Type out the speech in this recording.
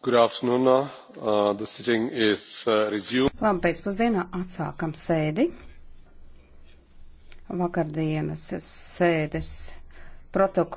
Good afternoon. Uh, the sitting is uh, resumed. Labi, pēcpusdienā atsākam sēdi. Vakardienas sēdes protokols.